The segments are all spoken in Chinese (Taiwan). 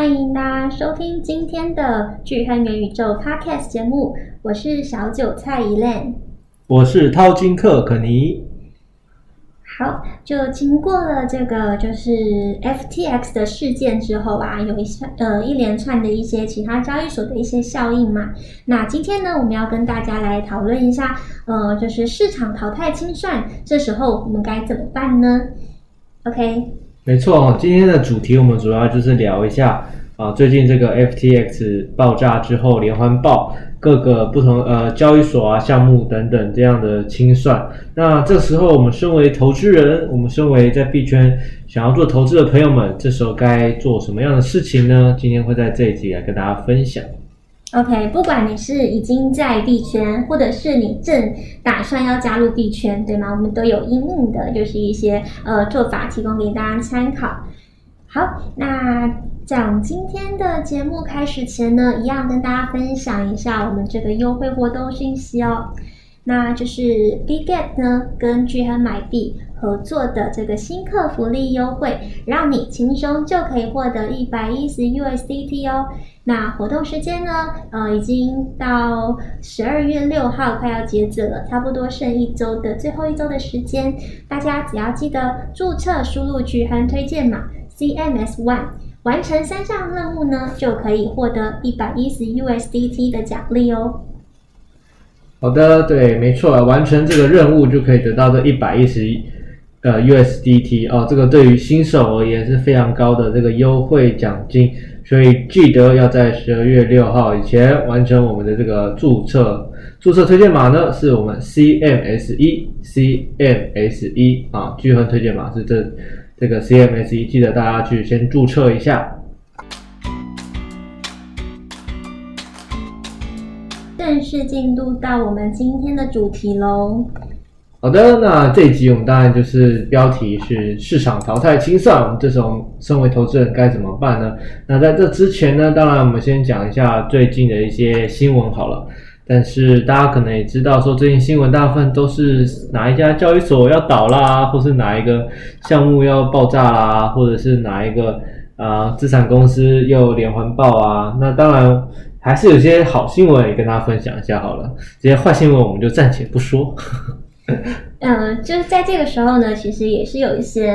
歡迎大家收聽今天的《鉅亨元宇宙》Podcast 節目，我是小韭菜 Elaine，我是淘金客 Kenny。好，就經過了這個就是 FTX 的事件之後啊，有一些呃一連串的一些其他交易所的一些效應嘛。那今天呢，我們要跟大家來討論一下，呃，就是市場淘汰清算，這時候我們該怎麼辦呢？OK。沒錯，今天的主題我們主要就是聊一下啊，最近這個 FTX 爆炸之後連環爆各個不同呃交易所啊項目等等這樣的清算。那這時候我們身為投資人，我們身為在幣圈想要做投資的朋友們，這時候該做什麼樣的事情呢？今天會在這一集來跟大家分享。OK，不管你是已經在幣圈，或者是你正打算要加入幣圈，對嗎？我們都有應用的就是一些呃做法提供給大家參考。好，那講今天的節目開始前呢，一樣跟大家分享一下我們這個優惠活動信息哦。那就是 Big Get 呢跟鉅亨買幣合作的這個新客福利優惠，讓你輕鬆就可以獲得一百一十 USDT 哦。那活動時間呢，呃，已經到十二月六號，快要截止了，差不多剩一周的最後一周的時間。大家只要記得註冊、輸入鉅亨推薦碼 CMS One，完成三項任務呢，就可以獲得一百一十 USDT 的獎勵哦。好的，對，沒錯，完成這個任務就可以得到這一百一十 USDT 哦。這個對於新手而言是非常高的這個優惠獎金。所以記得要在十二月六號以前完成我們的這個註冊。註冊推薦碼呢，是我們 CMS 一 CMS 一 -E，啊，鉅亨推薦碼是這這個 CMS 一，記得大家去先註冊一下。正式進入到我們今天的主題嘍。好的，那這一集我們當然就是標題是市場淘汰清算，我們這種身為投資人該怎麼辦呢？那在這之前呢，當然我們先講一下最近的一些新聞好了。但是大家可能也知道，說最近新聞大部分都是哪一家交易所要倒啦，或是哪一個項目要爆炸啦，或者是哪一個啊資產公司又連環爆啊。那當然還是有些好新聞也跟大家分享一下好了，這些壞新聞我們就暫且不說。嗯、 呃，就是在這個時候呢，其實也是有一些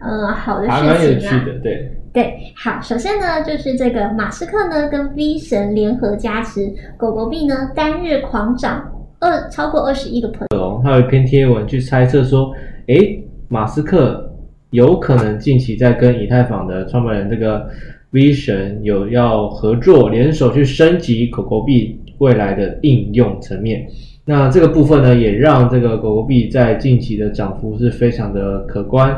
呃，好的事情還蠻有趣的。對對，好，首先呢，就是這個馬斯克呢跟 V 神聯合加持狗狗幣呢，單日狂漲二超過二十一個百分點。還有一篇貼文去猜測說，誒，馬斯克有可能近期在跟以太坊的創辦人這個 V 神有要合作，聯手去升級狗狗幣未來的應用層面。那這個部分呢，也讓這個狗狗幣在近期的漲幅是非常的可觀，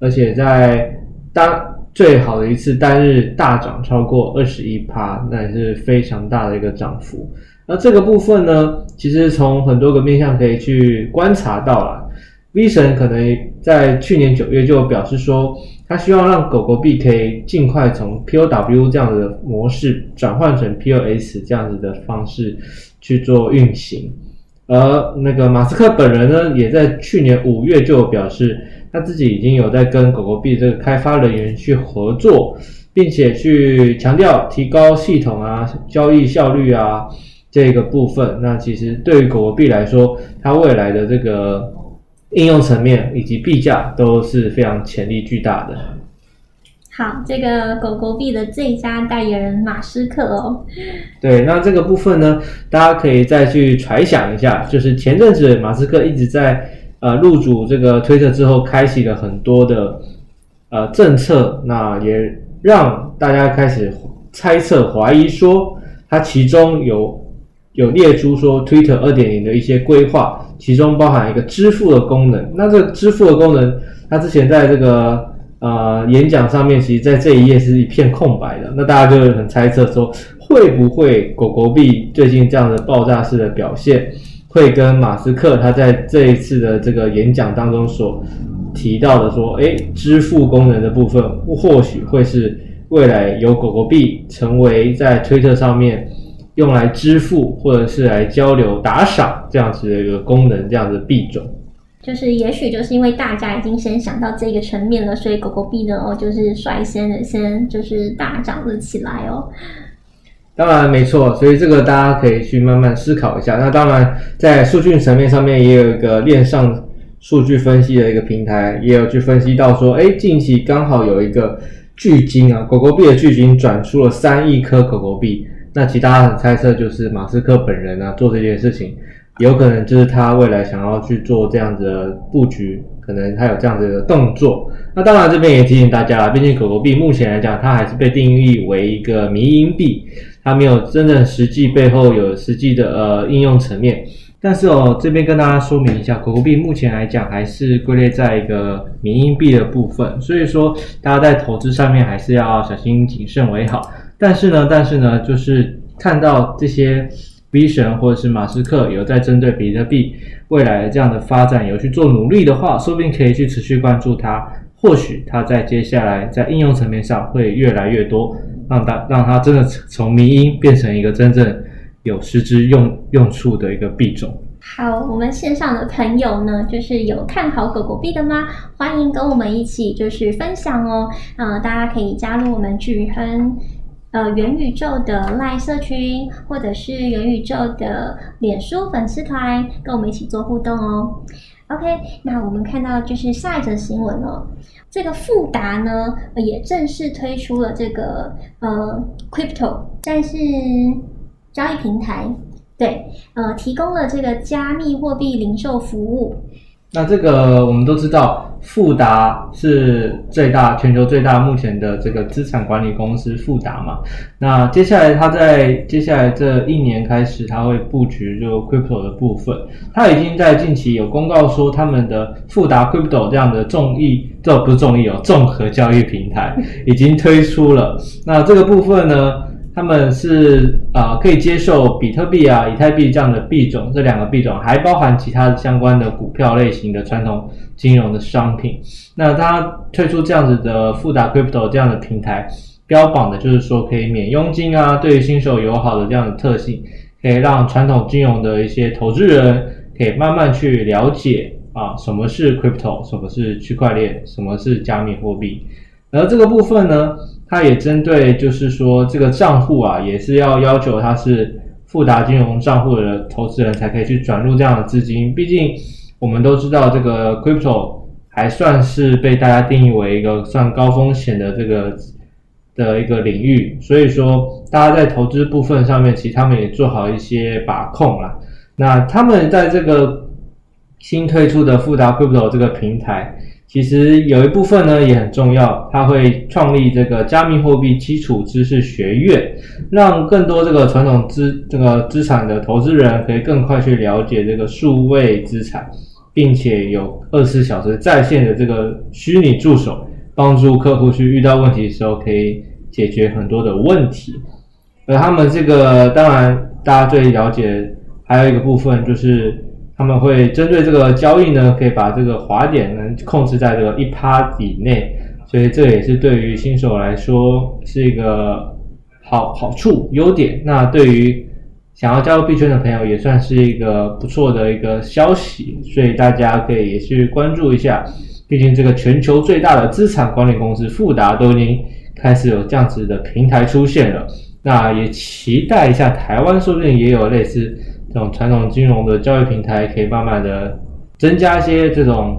而且在當最好的一次單日大漲超過二十一趴，那也是非常大的一個漲幅。那這個部分呢，其實從很多個面向可以去觀察到啦，V 神可能在去年九月就表示說，他希望讓狗狗幣可以盡快從 POW 這樣子的模式轉換成 POS 這樣子的方式去做運行。而那個馬斯克本人呢，也在去年五月就有表示，他自己已經有在跟狗狗幣這個開發人員去合作，並且去強調提高系統啊、交易效率啊這個部分。那其實對於狗狗幣來說，它未來的這個應用層面以及幣價都是非常潛力巨大的。好，這個狗狗幣的最佳代言人馬斯克哦。對，那這個部分呢，大家可以再去揣想一下，就是前陣子馬斯克一直在呃入主這個推特之後，開啟了很多的呃政策，那也讓大家開始猜測懷疑說，他其中有有列出說推特2.0的一些規劃，其中包含一個支付的功能。那這支付的功能，它之前在這個。啊、呃，演講上面其實，在這一頁是一片空白的。那大家就很猜測說，會不會狗狗幣最近這樣的爆炸式的表現，會跟馬斯克他在這一次的這個演講當中所提到的說，哎，支付功能的部分，或許會是未來由狗狗幣成為在推特上面用來支付或者是來交流打賞這樣子的一個功能，這樣子的幣種。就是也許就是因為大家已經先想到這個層面了，所以狗狗幣呢哦，就是率先的先就是大漲了起來哦。當然沒錯，所以這個大家可以去慢慢思考一下。那當然，在數據層面上面也有一個鏈上數據分析的一個平台，也有去分析到說，哎、欸，近期剛好有一個巨鯨啊，狗狗幣的巨鯨轉出了三億顆狗狗幣。那其他很的猜測就是馬斯克本人啊做這件事情。有可能就是他未來想要去做這樣子的布局，可能他有這樣子的動作。那當然，這邊也提醒大家，畢竟狗狗幣目前來講，它還是被定義為一個迷因幣，它沒有真正實際背後有實際的呃應用層面。但是哦，這邊跟大家說明一下，狗狗幣目前來講還是歸類在一個迷因幣的部分，所以說大家在投資上面還是要小心謹慎為好。但是呢，但是呢，就是看到這些。V 神，或者是馬斯克有在針對比特幣未來這樣的發展有去做努力的話，說不定可以去持續關注它。或許它在接下來在應用層面上會越來越多，讓它讓它真的從迷因變成一個真正有實質用用處的一個幣種。好，我們線上的朋友呢，就是有看好狗狗幣的嗎？歡迎跟我們一起就是分享哦。嗯，大家可以加入我們鉅亨，呃，元宇宙的 Line 社群，或者是元宇宙的臉書粉絲團，跟我們一起做互動哦。OK，那我們看到就是下一則新聞哦，這個富達呢也正式推出了這個呃，Crypto，但是交易平台對呃提供了這個加密貨幣零售服務。那這個我們都知道，富達是最大，全球最大目前的這個資產管理公司富達嘛。那接下來，他在接下來這一年開始，他會布局就是 crypto 的部分。他已經在近期有公告說，他們的富達 crypto 這樣的眾議，這不是眾議哦，綜合交易平台已經推出了。那這個部分呢，他們是。啊、呃，可以接受比特幣啊、以太幣這樣的幣種，這兩個幣種還包含其他相關的股票類型的傳統金融的商品。那它推出這樣子的富達 Crypto 這樣的平台，標榜的就是說可以免佣金啊，對於新手友好的這樣的特性，可以讓傳統金融的一些投資人可以慢慢去了解啊，什麼是 Crypto，什麼是區塊鏈，什麼是加密貨幣。而這個部分呢，它也針對，就是說這個賬戶啊，也是要要求它是富達金融賬戶的投資人才可以去轉入這樣的資金。畢竟我們都知道，這個 crypto 還算是被大家定義為一個算高風險的這個的一個領域，所以說大家在投資部分上面，其實他們也做好一些把控啦。那他們在這個新推出的富達 crypto 這個平台，其實有一部分呢也很重要，他會創立這個加密貨幣基礎知識學院，讓更多這個傳統資這個資產的投資人可以更快去了解這個數位資產，並且有二十四小時在線的這個虛擬助手，幫助客戶去遇到問題的時候可以解決很多的問題。而他們這個當然大家最了解還有一個部分就是。他們會針對這個交易呢，可以把這個滑點呢控制在這個一趴以內，所以這也是對於新手來說是一個好好處、優點。那對於想要加入幣圈的朋友，也算是一個不錯的一個消息，所以大家可以也去關注一下。畢竟這個全球最大的資產管理公司富達都已經開始有這樣子的平台出現了，那也期待一下台灣說不定也有類似。這種傳統金融的交易平台可以慢慢的增加一些這種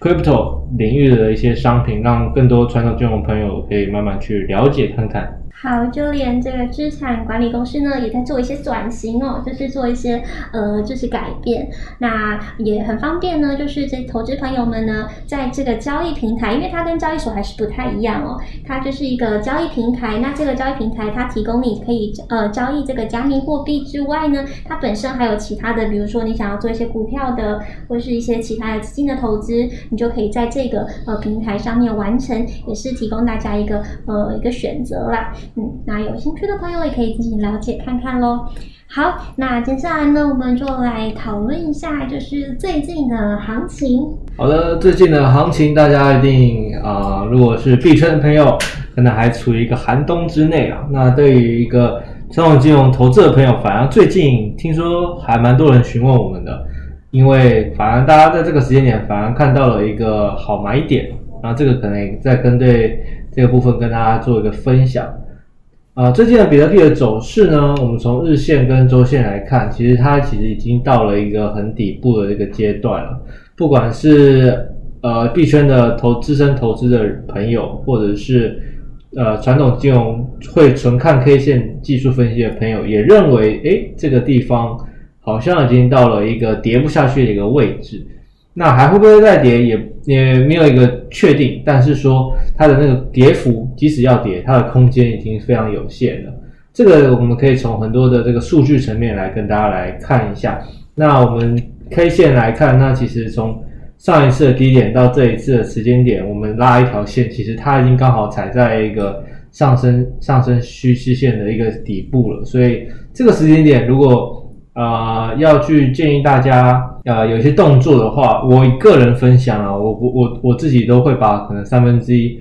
crypto 領域的一些商品，讓更多傳統金融的朋友可以慢慢去了解看看。好，就連這個資產管理公司呢，也在做一些轉型哦，就是做一些呃，就是改變。那也很方便呢，就是這投資朋友們呢，在這個交易平台，因為它跟交易所還是不太一樣哦，它就是一個交易平台。那這個交易平台，它提供你可以呃交易這個加密貨幣之外呢，它本身還有其他的，比如說你想要做一些股票的，或是一些其他的資金的投資，你就可以在這個呃平台上面完成，也是提供大家一個呃一個選擇啦。嗯，那有興趣的朋友也可以進行了解看看嘍。好，那接下來呢，我們就來討論一下，就是最近的行情。好的，最近的行情，大家一定啊、呃，如果是幣圈的朋友，可能還處於一個寒冬之內啊。那對於一個傳統金融投資的朋友，反而最近聽說還蠻多人詢問我們的，因為反而大家在這個時間點，反而看到了一個好買點，然後這個可能也在跟對這個部分跟大家做一個分享。啊，最近的比特幣的走勢呢？我們從日線跟周線來看，其實它其實已經到了一個很底部的一個階段了。不管是呃幣圈的投，資深投資的朋友，或者是呃傳統金融會純看 K 線技術分析的朋友，也認為，誒這個地方好像已經到了一個跌不下去的一個位置。那還會不會再跌？也也沒有一個確定，但是說它的那個跌幅，即使要跌，它的空間已經非常有限了。這個我們可以從很多的這個數據層面來跟大家來看一下。那我們 K 線來看，那其實從上一次的低點到這一次的時間點，我們拉一條線，其實它已經剛好踩在一個上升上升趨勢線的一個底部了。所以這個時間點，如果，呃，要去建議大家。呃，有一些動作的話，我個人分享啊，我我我我自己都會把可能三分之一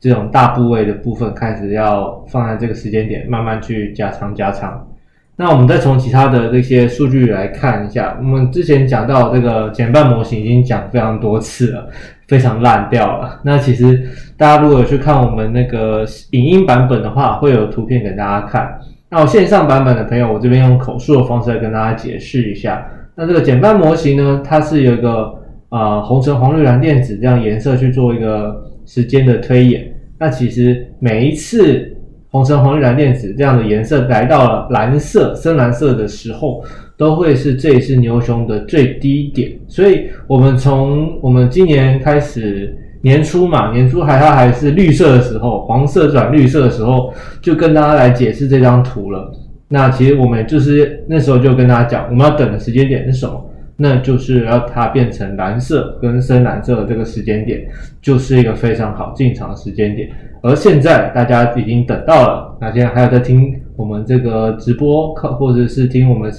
這種大部位的部分開始要放在這個時間點，慢慢去加長加長。那我們再從其他的這些數據來看一下，我們之前講到這個減半模型已經講非常多次了，非常爛掉了。那其實大家如果有去看我們那個影音版本的話，會有圖片給大家看。那我線上版本的朋友，我這邊用口述的方式來跟大家解釋一下。那這個減半模型呢，它是有一個啊、呃、紅橙黃綠藍靛紫這樣的顏色去做一個時間的推演。那其實每一次紅橙黃綠藍靛紫這樣的顏色來到了藍色深藍色的時候，都會是這一次牛熊的最低點。所以我們從我們今年開始年初嘛，年初還它還是綠色的時候，黃色轉綠色的時候，就跟大家來解釋這張圖了。那其實我們就是那時候就跟大家講，我們要等的時間點是什麼？那就是要它變成藍色跟深藍色的這個時間點，就是一個非常好進場的時間點。而現在大家已經等到了，那現在還有在聽我們這個直播課或者是聽我們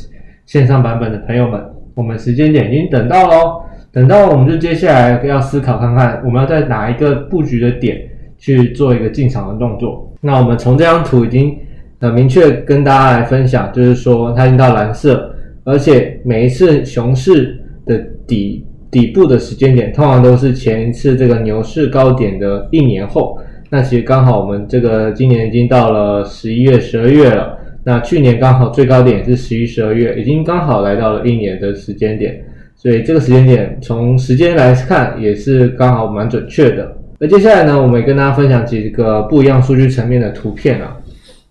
線上版本的朋友們，我們時間點已經等到嘍，等到我們就接下來要思考看看，我們要在哪一個布局的點去做一個進場的動作。那我們從這張圖已經。那明確跟大家來分享，就是說它已經到藍色，而且每一次熊市的底底部的時間點，通常都是前一次這個牛市高點的一年後。那其實剛好我們這個今年已經到了十一月、十二月了，那去年剛好最高點是十一、十二月，已經剛好來到了一年的時間點。所以這個時間點從時間來看也是剛好蠻準確的。那接下來呢，我們也跟大家分享幾個不一樣數據層面的圖片啊。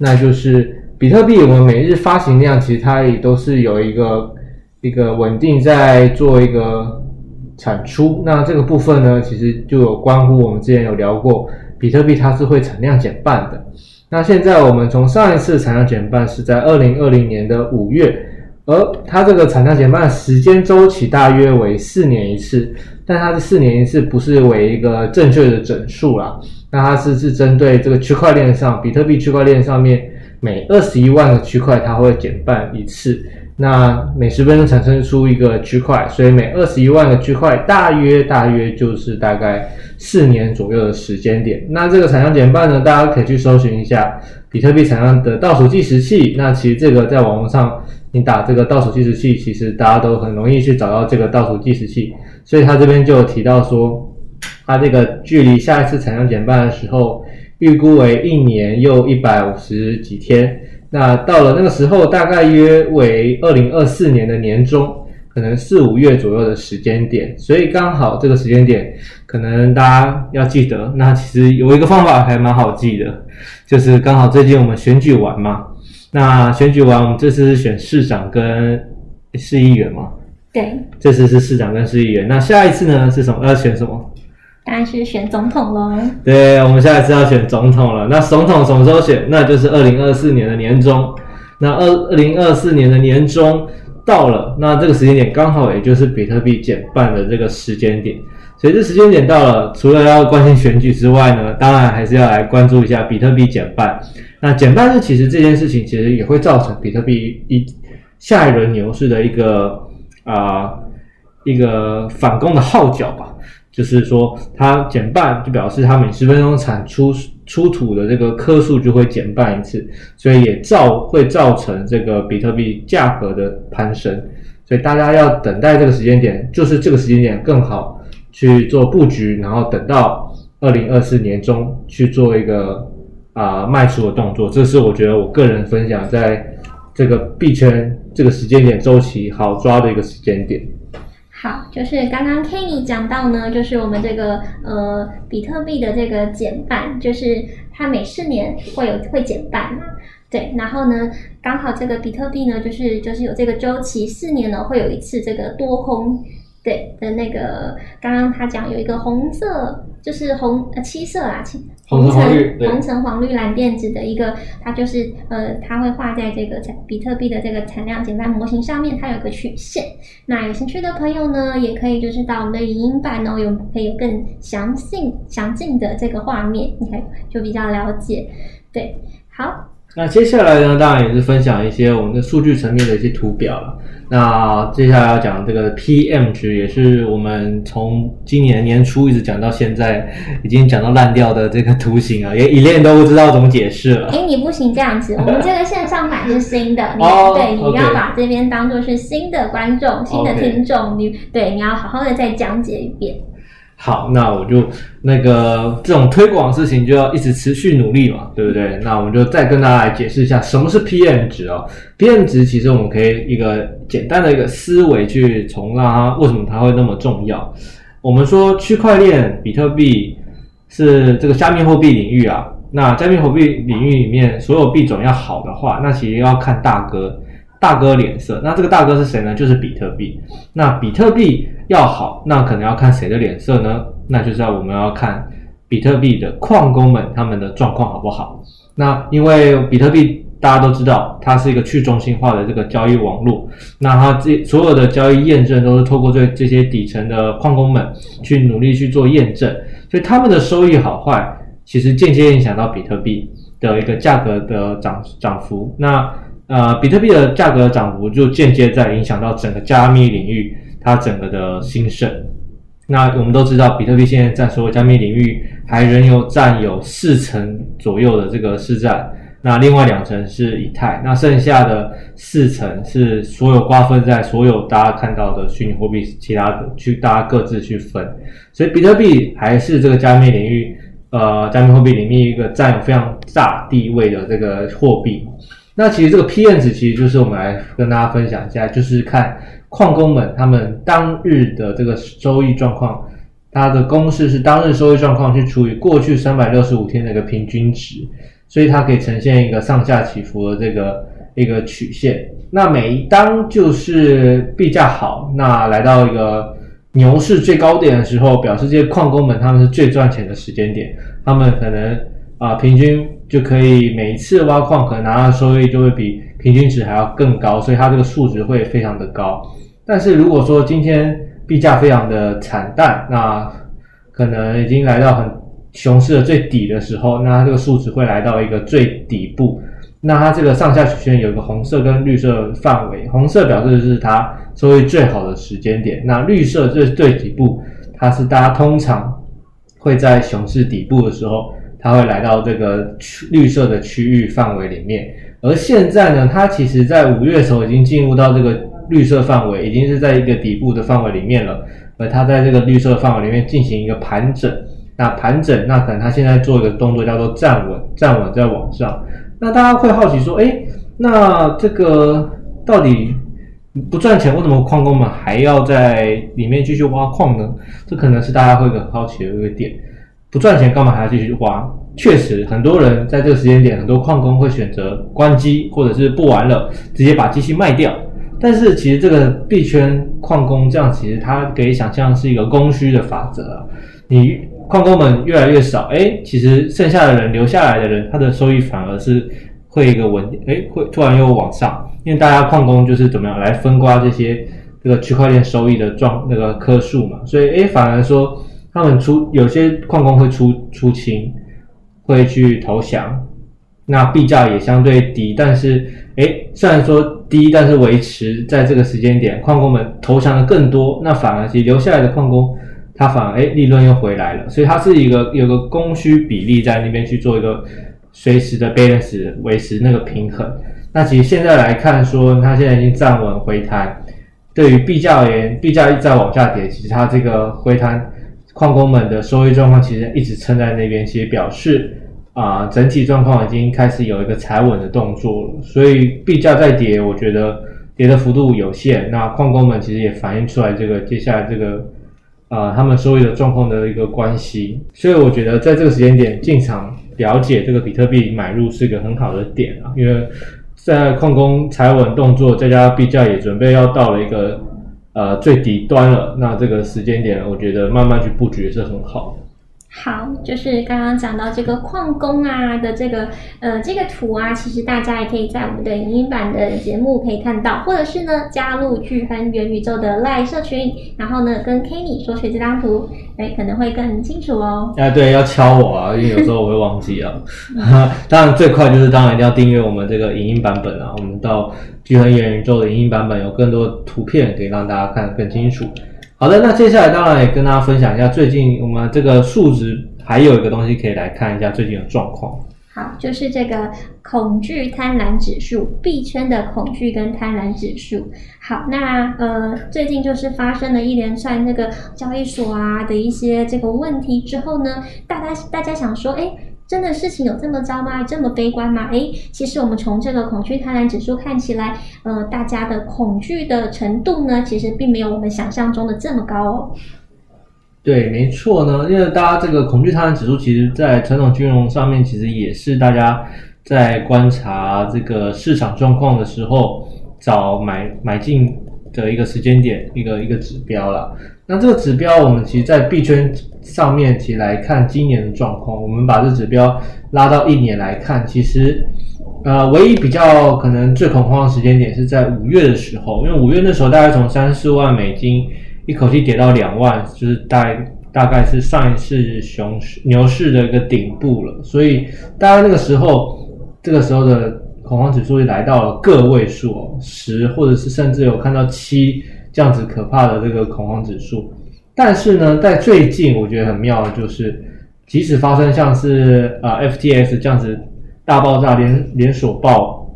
那就是比特幣，我們每日發行量其實它也都是有一個一個穩定在做一個產出。那這個部分呢，其實就有關乎我們之前有聊過，比特幣它是會產量減半的。那現在我們從上一次產量減半是在二零二零年的五月，而它這個產量減半時間週期大約為四年一次，但它是四年一次不是為一個正確的整數啦。那它是是針對這個區塊鏈上，比特幣區塊鏈上面每二十一萬個區塊，它會減半一次。那每十分鐘產生出一個區塊，所以每二十一萬個區塊大約大約就是大概四年左右的時間點。那這個產量減半呢，大家可以去搜尋一下比特幣產量的倒數計時器。那其實這個在網絡上，你打這個倒數計時器，其實大家都很容易去找到這個倒數計時器。所以他這邊就有提到說。它這個距離下一次產量減半的時候，預估為一年又一百五十幾天。那到了那個時候，大概約為二零二四年的年中，可能四五月左右的時間點。所以剛好這個時間點，可能大家要記得。那其實有一個方法還蠻好記的，就是剛好最近我們選舉完嘛。那選舉完，我們這次是選市長跟市議員嘛？對，這次是市長跟市議員。那下一次呢是什麼？要選什麼？但是選總統嘍？對，我們下一次要選總統了。那總統什麼時候選？那就是二零二四年的年終。那二零二四年的年終到了，那這個時間點剛好也就是比特幣減半的這個時間點。所以這時間點到了，除了要關心選舉之外呢，當然還是要來關注一下比特幣減半。那減半是其實這件事情其實也會造成比特幣一下一輪牛市的一個啊、呃、一個反攻的號角吧。就是說，它減半就表示它每十分鐘產出出土的這個顆數就會減半一次，所以也造會造成這個比特幣價格的攀升。所以大家要等待這個時間點，就是這個時間點更好去做布局，然後等到二零二四年中去做一個啊、呃、賣出的動作。這是我覺得我個人分享在這個幣圈這個時間點週期好抓的一個時間點。好，就是剛剛 Kenny 講到呢，就是我們這個呃比特幣的這個減半，就是它每四年會有會減半嘛，對，然後呢，剛好這個比特幣呢，就是就是有這個週期，四年呢會有一次這個多空對的那個，剛剛他講有一個紅色就是紅呃七色啊七，紅橙紅橙黃綠藍靛紫的一個，它就是呃，它會畫在這個產比特幣的這個產量減半模型上面，它有個曲線。那有興趣的朋友呢，也可以就是到我們的影音版呢，有可以有更詳細詳盡的這個畫面，你看就比較了解。對，好。那接下來呢，當然也是分享一些我們的數據層面的一些圖表了。那接下來要講這個 PM 值，也是我們從今年年初一直講到現在，已經講到爛掉的這個圖形啊，也一連都不知道怎麼解釋了。哎、欸，你不行這樣子，我們這個線上版是新的， 你，oh, 對，你要把這邊當做是新的觀眾，oh, okay. 新的聽眾，你、okay. 對，你要好好的再講解一遍。好，那我就那個這種推廣的事情就要一直持續努力嘛，對不對？那我們就再跟大家來解釋一下什麼是 PM 值哦。PM 值其實我們可以一個簡單的一個思維去重拉，為什麼它會那麼重要？我們說區塊鏈、比特幣是這個加密貨幣領域啊。那加密貨幣領域裡面所有幣種要好的話，那其實要看大哥。大哥臉色。那這個大哥是誰呢？就是比特幣。那比特幣要好，那可能要看誰的臉色呢？那就是我們要看比特幣的礦工們他們的狀況好不好。那因為比特幣大家都知道，它是一個去中心化的這個交易網絡，那它這所有的交易驗證都是透過這這些底層的礦工們去努力去做驗證，所以他們的收益好壞，其實間接影響到比特幣的一個價格的漲漲幅。那呃，比特幣的價格的漲幅就間接在影響到整個加密領域，它整個的興盛。那我們都知道，比特幣現在在所有加密領域還仍有佔有四成左右的這個市佔，那另外兩成是以太，那剩下的四成是所有瓜分在所有大家看到的虛擬貨幣，其他的去大家各自去分。所以比特幣還是這個加密領域，呃，加密貨幣裡面一個佔有非常大地位的這個貨幣。那其實這個 PN 值其實就是我們來跟大家分享一下，就是看礦工們他們當日的這個收益狀況，它的公式是當日收益狀況去除以過去三百六十五天的一個平均值，所以它可以呈現一個上下起伏的這個一個曲線。那每一當就是幣價好，那來到一個牛市最高點的時候，表示這些礦工們他們是最賺錢的時間點，他們可能啊、呃、平均。就可以，每一次挖礦可能拿到收益，就會比平均值還要更高，所以它這個數值會非常的高。但是如果說今天幣價非常的慘淡，那可能已經來到很熊市的最底的時候，那它這個數值會來到一個最底部。那它這個上下曲線有一個紅色跟綠色範圍，紅色表示的是它收益最好的時間點，那綠色就是最底部，它是大家通常會在熊市底部的時候。它會來到這個綠綠色的區域範圍裡面，而現在呢，它其實，在五月的時候已經進入到這個綠色範圍，已經是在一個底部的範圍裡面了。而它在這個綠色範圍裡面進行一個盤整，那盤整，那可能它現在做一個動作叫做站穩，站穩再往上。那大家會好奇說，哎，那這個到底不賺錢，為什麼礦工們還要在裡面繼續挖礦呢？這可能是大家會很好奇的一個點。不賺錢，幹嘛還要繼續花？確實，很多人在這個時間點，很多礦工會選擇關機，或者是不玩了，直接把機器賣掉。但是，其實這個幣圈礦工這樣，其實他可以想象是一個供需的法則、啊。你礦工們越來越少，哎、欸，其實剩下的人留下來的人，他的收益反而是會一個穩，哎、欸，會突然又往上，因為大家礦工就是怎麼樣來分瓜這些這個區塊鏈收益的狀那個顆數嘛，所以哎、欸，反而說。他們出有些礦工會出出清，會去投降，那幣價也相對低，但是哎、欸，雖然說低，但是維持在這個時間點，礦工們投降的更多，那反而其實留下來的礦工，他反而哎、欸、利潤又回來了，所以它是一個有一個供需比例在那邊去做一個隨時的 balance 維持那個平衡。那其實現在來看說，它現在已經站穩回彈，對於幣價而言，幣價一再往下跌，其實它這個回彈。礦工們的收益狀況其實一直撐在那邊，其實表示啊、呃，整體狀況已經開始有一個踩穩的動作了。所以幣價在跌，我覺得跌的幅度有限。那礦工們其實也反映出來這個接下來這個啊、呃，他們收益的狀況的一個關係。所以我覺得在這個時間點進場了解這個比特幣買入是一個很好的點啊，因為在礦工踩穩動作，再加上幣價也準備要到了一個。呃，最底端了。那這個時間點，我覺得慢慢去布局也是很好。好，就是剛剛講到這個礦工啊的這個呃這個圖啊，其實大家也可以在我們的影音版的節目可以看到，或者是呢加入鉅亨元宇宙的 Line 社群，然後呢跟 Kenny 索取這張圖，誒可能會更清楚哦。哎、啊，對，要敲我啊，因為有時候我會忘記啊。 當然最快就是當然一定要訂閱我們這個影音版本啊，我們到鉅亨元宇宙的影音版本有更多圖片可以讓大家看得更清楚。好的，那接下來當然也跟大家分享一下最近我們這個數值還有一個東西可以來看一下最近的狀況。好，就是這個恐懼貪婪指數，幣圈的恐懼跟貪婪指數。好，那呃，最近就是發生了一連串那個交易所啊的一些這個問題之後呢，大家大家想說，哎、欸。真的事情有這麼糟嗎？這麼悲觀嗎？誒，其實我們從這個恐懼貪婪指數看起來，呃，大家的恐懼的程度呢，其實並沒有我們想象中的這麼高哦。對，沒錯呢，因為大家這個恐懼貪婪指數，其實，在傳統金融上面，其實也是大家在觀察這個市場狀況的時候，找買買進的一個時間點，一個一個指標了。那這個指標，我們其實，在幣圈上面，其實來看今年的狀況，我們把這個指標拉到一年來看，其實，呃，唯一比較可能最恐慌的時間點是在五月的時候，因為五月那時候大概從三四萬美金一口氣跌到兩萬，就是大概大概是上一次熊市牛市的一個頂部了，所以大概那個時候，這個時候的恐慌指數也來到了個位數，哦，十或者是甚至有看到七。這樣子可怕的這個恐慌指數，但是呢，在最近我覺得很妙的就是，即使發生像是啊、呃、FTX 這樣子大爆炸、連連鎖爆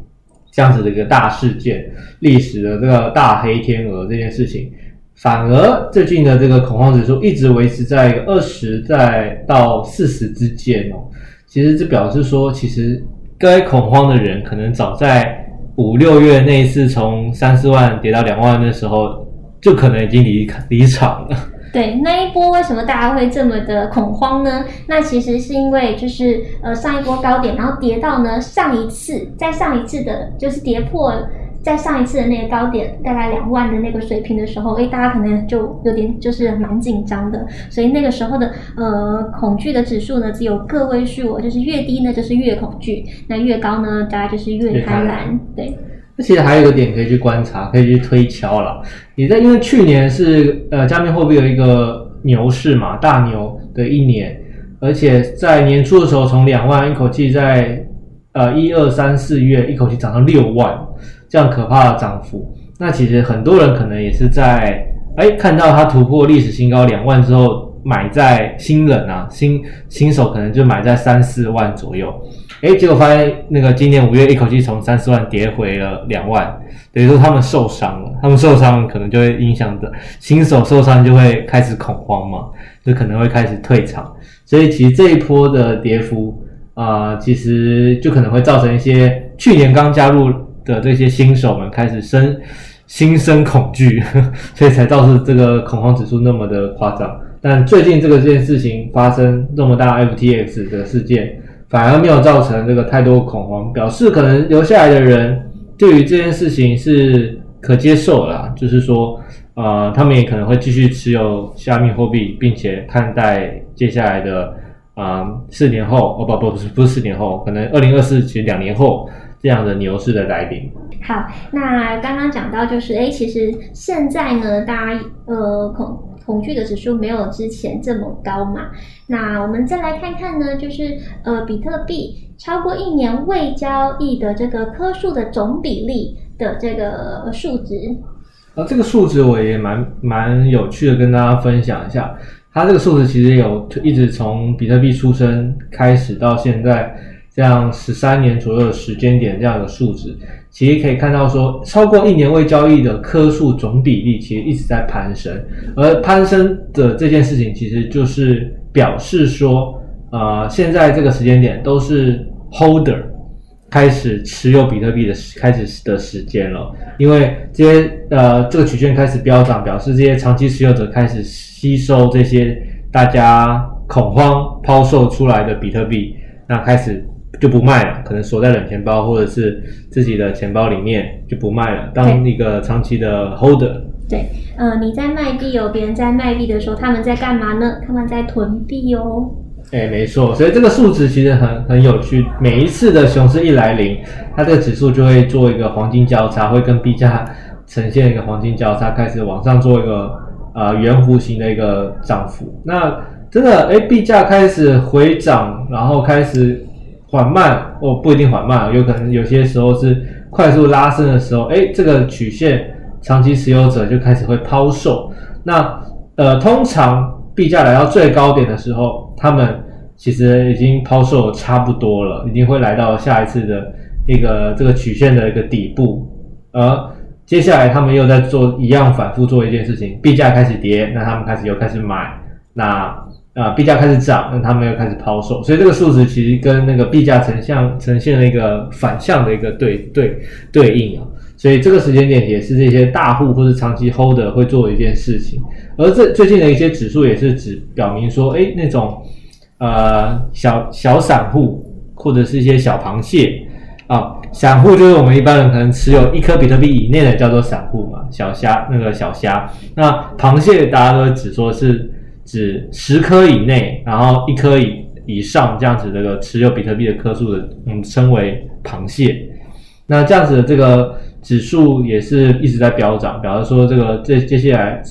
這樣子的一個大事件，歷史的這個大黑天鵝這件事情，反而最近的這個恐慌指數一直維持在一個二十在到四十之間哦。其實這表示說，其實該恐慌的人可能早在五六月那一次從三四萬跌到兩萬的時候。就可能已經離開離場了。對，那一波為什麼大家會這麼的恐慌呢？那其實是因為就是呃上一波高點，然後跌到呢上一次，在上一次的，就是跌破在上一次的那個高點，大概兩萬的那個水平的時候，所以大家可能就有點就是蠻緊張的。所以那個時候的呃恐懼的指數呢只有個位數，就是越低呢就是越恐懼，那越高呢大家就是越貪婪，對。那其實還有一個點可以去觀察，可以去推敲了。也在因為去年是呃加密貨幣有一個牛市嘛，大牛的一年，而且在年初的時候從兩萬一口氣在呃一二三四月一口氣漲到六萬，這樣可怕的漲幅。那其實很多人可能也是在哎看到它突破歷史新高兩萬之後買在新人啊新新手可能就買在三四萬左右。誒，結果發現那個今年五月一口氣從三十萬跌回了兩萬，等於說他們受傷了，他們受傷可能就會影響的，新手受傷就會開始恐慌嘛，就可能會開始退場，所以其實這一波的跌幅啊，呃，其實就可能會造成一些去年剛加入的這些新手們開始生心生恐懼，呵呵，所以才導致這個恐慌指數那麼的誇張。但最近這個件事情發生那麼大，FTX 的事件。反而沒有造成這個太多恐慌，表示可能留下來的人對於這件事情是可接受啦，就是說，呃，他們也可能會繼續持有加密貨幣，並且看待接下來的，啊、呃，四年後哦，不不不是不是四年後，可能二零二四其實兩年後這樣的牛市的來臨。好，那剛剛講到就是，哎，其實現在呢，大家呃，恐恐懼的指數沒有之前這麼高嘛？那我們再來看看呢，就是呃，比特幣超過一年未交易的這個顆數的總比例的這個數值。啊，這個數值我也蠻蠻有趣的，跟大家分享一下。它這個數值其實有一直從比特幣出生開始到現在。這樣十三年左右的時間點，這樣的數值，其實可以看到說，超過一年未交易的科數總比例，其實一直在攀升。而攀升的這件事情，其實就是表示說，呃，現在這個時間點都是 holder 開始持有比特幣的開始的時間了。因為這些呃，這個曲線開始飆漲，表示這些長期持有者開始吸收這些大家恐慌拋售出來的比特幣，那開始。就不賣了，可能鎖在冷錢包或者是自己的錢包裡面就不賣了，當一個長期的 holder。對，呃，你在賣幣有別人在賣幣的時候，他們在幹嘛呢？他們在囤幣哦。哎、欸，沒錯，所以這個數值其實很很有趣。每一次的熊市一來臨，它的指數就會做一個黃金交叉，會跟幣價呈現一個黃金交叉，開始往上做一個呃圓弧形的一個漲幅。那真的，哎、欸，幣價開始回漲，然後開始。緩慢哦，不一定緩慢，有可能有些時候是快速拉升的時候，哎，這個曲線，長期持有者就開始會拋售。那呃，通常幣價來到最高點的時候，他們其實已經拋售差不多了，已經會來到下一次的一個這個曲線的一個底部。而、呃、接下來他們又在做一樣反覆做一件事情，幣價開始跌，那他們開始又開始買。那啊，幣價開始漲，那他們又開始拋售，所以這個數值其實跟那個幣價呈現呈現了一個反向的一個對對對應啊，所以這個時間點也是這些大戶或者長期 hold 會做的一件事情，而這最近的一些指數也是指表明說，哎，那種呃小小散戶或者是一些小螃蟹啊，散戶就是我們一般人可能持有一顆比特幣以內的叫做散戶嘛，小蝦那個小蝦，那螃蟹大家都只說是。指十顆以內，然後一顆以以上這樣子，這個持有比特幣的顆數的，我、嗯、們稱為螃蟹。那這樣子，這個指數也是一直在飆漲。表示說、這個，這個這接下來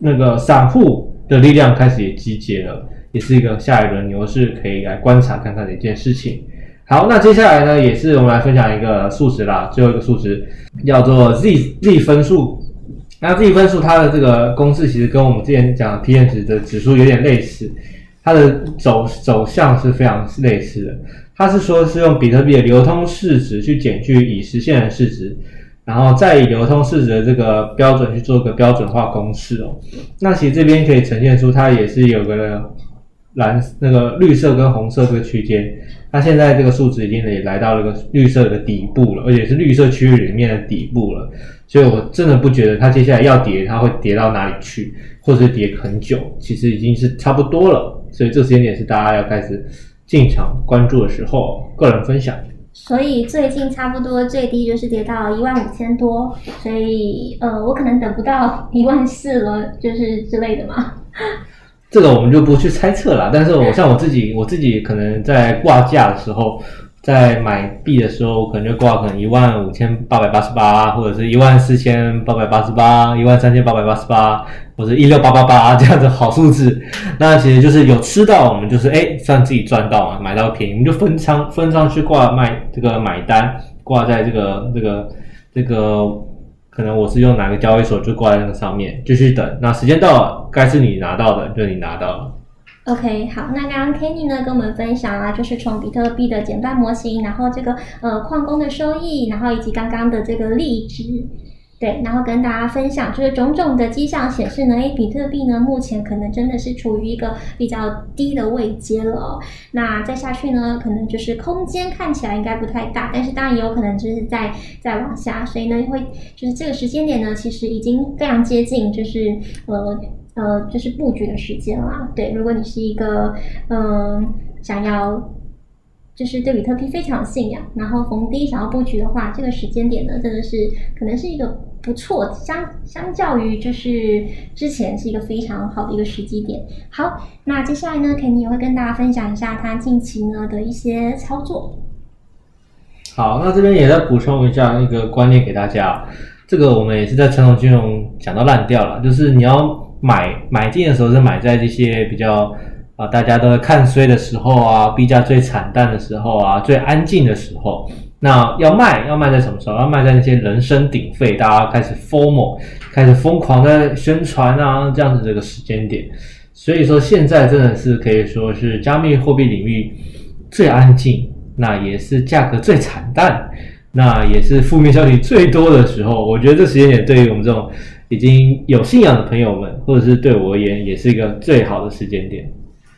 那個散戶的力量開始也集結了，也是一個下一輪牛市可以來觀察看看的一件事情。好，那接下來呢，也是我們來分享一個數值啦，最後一個數值叫做 Z Z 分數。那這一分數，它的這個公式其實跟我們之前講的 PN 值的指數有點類似，它的走走向是非常類似的。它是說是用比特幣的流通市值去減去已實現的市值，然後再以流通市值的這個標準去做個標準化公式哦。那其實這邊可以呈現出它也是有個藍那個綠色跟紅色這個區間。它現在這個數值已經也來到那個綠色的底部了，而且是綠色區域裡面的底部了，所以我真的不覺得它接下來要跌，它會跌到哪裡去，或者是跌很久，其實已經是差不多了。所以這時間點是大家要開始進場關注的時候。個人分享。所以最近差不多最低就是跌到一萬五千多，所以呃，我可能等不到一萬四了，就是之類的嘛。這個我們就不去猜測了，但是我像我自己，我自己可能在掛價的時候，在買幣的時候，我可能就掛可能一萬五千八百八十八，或者是一萬四千八百八十八，一萬三千八百八十八，或者一六八八八這樣子好數字，那其實就是有吃到，我們就是哎算自己賺到啊，買到便宜，我們就分倉分倉去掛賣這個買單，掛在這個這個這個。這個可能我是用哪個交易所，就掛在那個上面，繼續等。那時間到了，該是你拿到的，就你拿到了。OK，好，那剛剛 Kenny 呢跟我們分享了、啊，就是從比特幣的減半模型，然後這個呃礦工的收益，然後以及剛剛的這個例子。對，然後跟大家分享，就是種種的跡象顯示呢，哎，比特幣呢目前可能真的是處於一個比較低的位階了、哦。那再下去呢，可能就是空間看起來應該不太大，但是當然也有可能就是再再往下，所以呢會就是這個時間點呢，其實已經非常接近，就是呃呃，就是布局的時間了、啊。對，如果你是一個嗯、呃、想要就是對比特幣非常有信仰，然後逢低想要布局的話，這個時間點呢，真的是可能是一個。不錯，相相較於就是之前是一個非常好的一個時機點。好，那接下來呢，肯定也會跟大家分享一下他近期呢的一些操作。好，那這邊也再補充一下一個觀念給大家，這個我們也是在傳統金融講到爛掉了，就是你要買買進的時候是買在這些比較。啊，大家都在看衰的時候啊，幣價最慘淡的時候啊，最安靜的時候，那要賣要賣在什麼時候？要賣在那些人聲鼎沸，大家要開始 FOMO，開始瘋狂的宣傳啊，這樣子的這個時間點。所以說現在真的是可以說是加密貨幣領域最安靜，那也是價格最慘淡，那也是負面消息最多的時候。我覺得這時間點對於我們這種已經有信仰的朋友們，或者是對我而言，也是一個最好的時間點。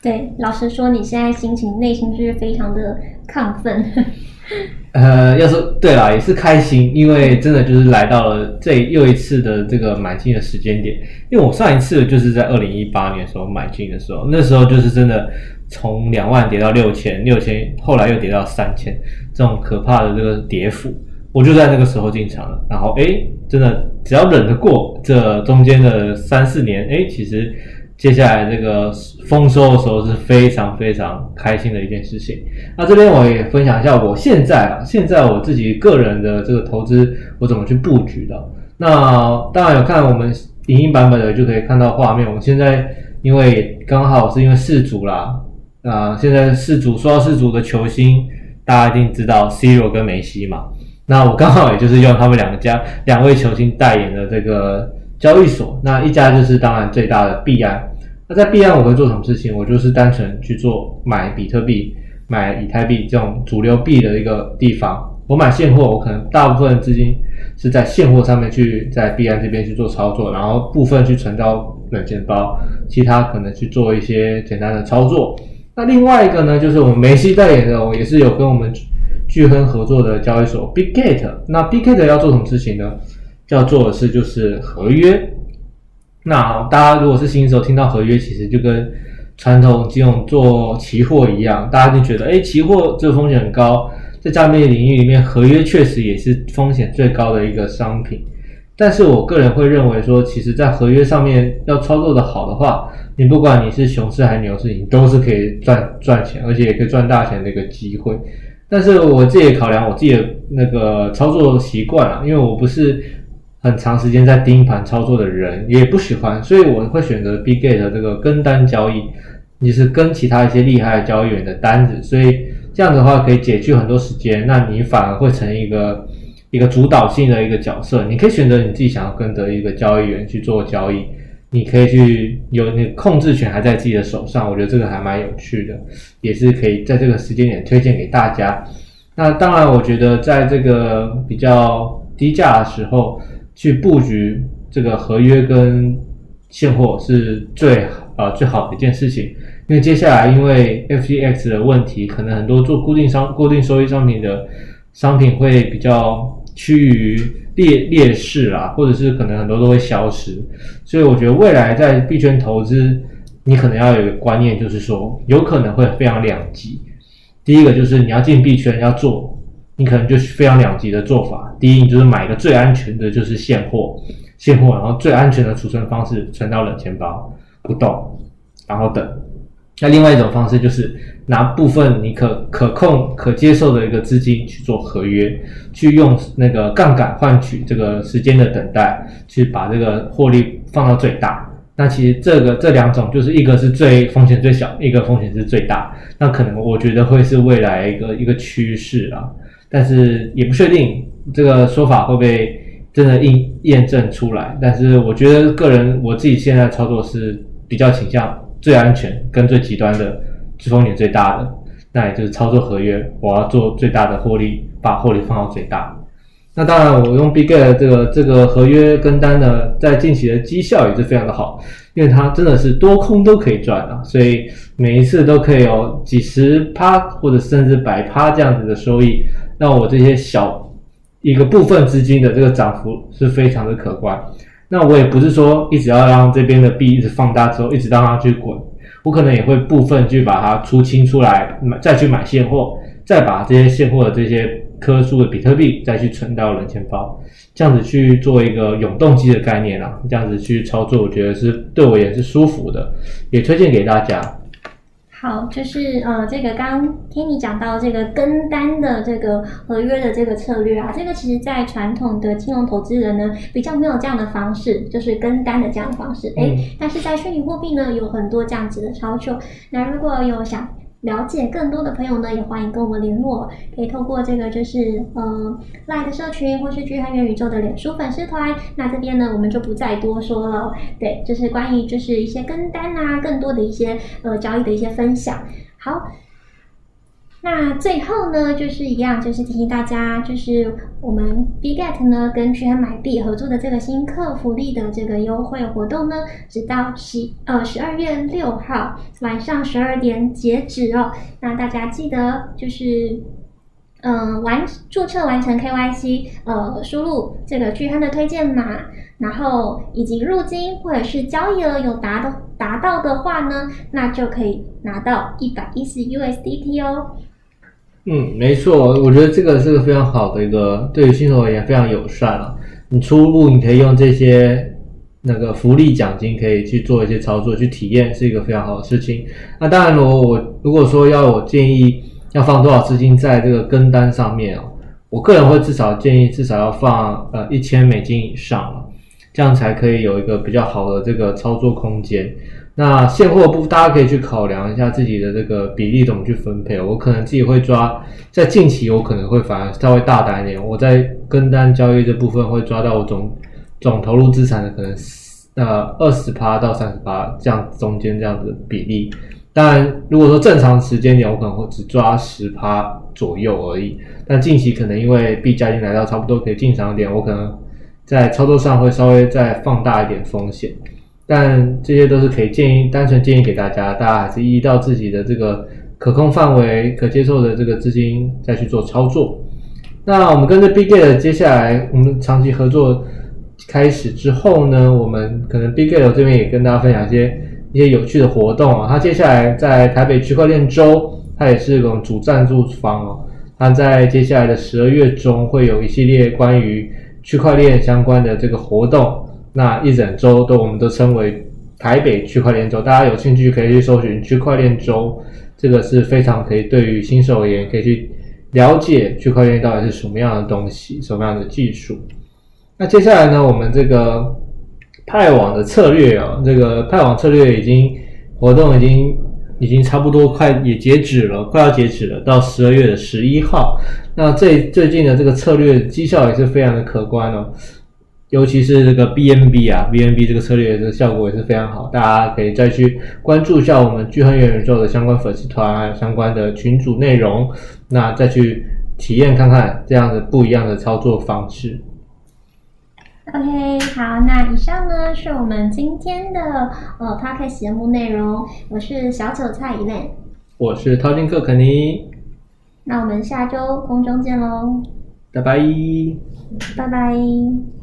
對，老實說，你現在心情內心就是非常的亢奮。 呃，要說對啊，也是開心，因為真的就是來到了這又一次的這個買進的時間點。因為我上一次就是在二零一八年的時候買進的時候，那時候就是真的從兩萬跌到六千，六千後來又跌到三千，這種可怕的這個跌幅，我就在那個時候進場了。然後，哎，真的只要忍得過這中間的三四年，哎，其實。接下來這個豐收的時候是非常非常開心的一件事情。那這邊我也分享一下我現在啊，現在我自己個人的這個投資我怎麼去布局的。那當然有看我們影音版本的就可以看到畫面。我們現在因為剛好是因為世足啦，啊、呃，現在世足，說到世足的球星，大家一定知道 C 羅跟梅西嘛。那我剛好也就是用他們兩個家兩位球星代言的這個。交易所，那一家就是當然最大的幣安。那在幣安，我會做什麼事情？我就是單純去做買比特幣、買以太幣這種主流幣的一個地方。我買現貨，我可能大部分資金是在現貨上面去在幣安這邊去做操作，然後部分去存到軟件包，其他可能去做一些簡單的操作。那另外一個呢，就是我們梅西代言的，我也是有跟我們鉅亨合作的交易所 Bitget。那 Bitget 要做什麼事情呢？要做的事就是合約。那好，大家如果是新手，聽到合約，其實就跟傳統金融做期貨一樣，大家就覺得，哎，期貨這個風險很高，在加密領域裡面，合約確實也是風險最高的一個商品。但是我個人會認為說，其實，在合約上面要操作得好的話，你不管你是熊市還是牛市，你都是可以賺賺錢，而且也可以賺大錢的一個機會。但是我自己也考量我自己的那個操作習慣啊，因為我不是。很長時間在盯盤操作的人，也不喜歡，所以我會選擇 Biggate 的這個跟單交易，你、就是跟其他一些厲害的交易員的單子，所以這樣子的話可以減去很多時間，那你反而會成一個一個主導性的一個角色。你可以選擇你自己想要跟的一個交易員去做交易，你可以去有那個控制權還在自己的手上，我覺得這個還蠻有趣的，也是可以在這個時間點推薦給大家。那當然，我覺得在這個比較低價的時候。去布局這個合約跟現貨是最啊、呃、最好的一件事情，因為接下來因為 FTX 的問題，可能很多做固定商固定收益商品的商品會比較趨於劣劣勢啦，或者是可能很多都會消失，所以我覺得未來在幣圈投資，你可能要有一個觀念，就是說有可能會非常兩極，第一個就是你要進幣圈要做。你可能就是非常兩極的做法，第一，你就是買一個最安全的，就是現貨，現貨，然後最安全的儲存方式存到冷錢包不動，然後等。那另外一種方式就是拿部分你可可控、可接受的一個資金去做合約，去用那個槓桿換取這個時間的等待，去把這個獲利放到最大。那其實這個這兩種，就是一個是最風險最小，一個風險是最大。那可能我覺得會是未來一個一個趨勢啊。但是也不確定這個說法會不會真的印驗證出來。但是我覺得個人，我自己現在操作是比較傾向最安全跟最極端的，最風險最大的，那也就是操作合約，我要做最大的獲利，把獲利放到最大。那當然我用 Bigate 的這個這個合約跟單呢，在近期的績效也是非常的好，因為它真的是多空都可以賺啊，所以每一次都可以有幾十趴或者甚至百趴這樣子的收益。那我這些小一個部分資金的這個漲幅是非常的可觀。那我也不是說一直要讓這邊的幣一直放大之後，一直讓它去滾，我可能也會部分去把它出清出來，買，再去買現貨，再把這些現貨的這些顆數的比特幣再去存到冷錢包，這樣子去做一個永動機的概念啊，這樣子去操作，我覺得是對我也是舒服的，也推薦給大家。好，就是呃，這個剛剛聽你講到這個跟單的這個合約的這個策略啊，這個其實，在傳統的金融投資人呢，比較沒有這樣的方式，就是跟單的這樣的方式，嗯、誒，但是在虛擬貨幣呢，有很多這樣子的操作。那如果有想了解更多的朋友呢，也歡迎跟我們聯絡，可以透過這個就是呃 LINE 社群，或是鉅亨元宇宙的臉書粉絲團。那這邊呢，我們就不再多說了。對，這、就是關於就是一些跟單啊，更多的一些呃交易的一些分享。好。那最後呢，就是一樣，就是提醒大家，就是我們 Bitget 呢跟鉅亨買幣合作的這個新客福利的這個優惠活動呢，直到十呃十二月六號晚上十二點截止哦。那大家記得就是，嗯、呃、完註冊完成 KYC，呃，輸入這個鉅亨的推薦碼，然後以及入金或者是交易額有達的達到的話呢，那就可以拿到一百一十 USDT 哦。嗯，沒錯，我覺得這個是個非常好的一個，對於新手而言非常友善了、啊。你初步你可以用這些那個福利獎金，可以去做一些操作，去體驗是一個非常好的事情。那當然我，如我如果說要我建議要放多少資金在這個跟單上面啊，我個人會至少建議至少要放呃一千美金以上這樣才可以有一個比較好的這個操作空間。那現貨部大家可以去考量一下自己的這個比例怎麼去分配。我可能自己會抓，在近期我可能會反而稍微大膽一點。我在跟單交易這部分會抓到我總總投入資產的可能呃二十趴到三十趴這樣中間這樣子，這樣子的比例。當然，如果說正常時間點我可能會只抓十趴左右而已。但近期可能因為幣價進來到差不多可以進場一點，我可能在操作上會稍微再放大一點風險。但這些都是可以建議，單純建議給大家，大家還是依照自己的這個可控範圍、可接受的這個資金再去做操作。那我們跟着 Biggate 接下來，我們長期合作開始之後呢，我們可能 Biggate 這邊也跟大家分享一些一些有趣的活動啊。它接下來在台北區塊鏈周，它也是一種主贊助方哦、啊。它在接下來的十二月中會有一系列關於區塊鏈相關的這個活動。那一整周都，我們都稱為台北區塊鏈周。大家有興趣可以去搜尋區塊鏈周，這個是非常可以對於新手而言可以去了解區塊鏈到底是什麼樣的東西，什麼樣的技術。那接下來呢，我們這個派網的策略啊，這個派網策略已經活動已經已經差不多快也截止了，快要截止了，到十二月的十一號。那最最近的這個策略績效也是非常的可觀哦。尤其是這個 BNB 啊 BNB 這個策略的效果也是非常好，大家可以再去關注一下我們鉅亨元宇宙的相關粉絲團、相關的群組內容，那再去體驗看看這樣子不一樣的操作方式。OK，好，那以上呢是我們今天的呃、哦、Podcast 節目內容，我是小韭菜 Evan，我是淘金客 Kenney 那我們下周空中見嘍，拜拜，拜拜。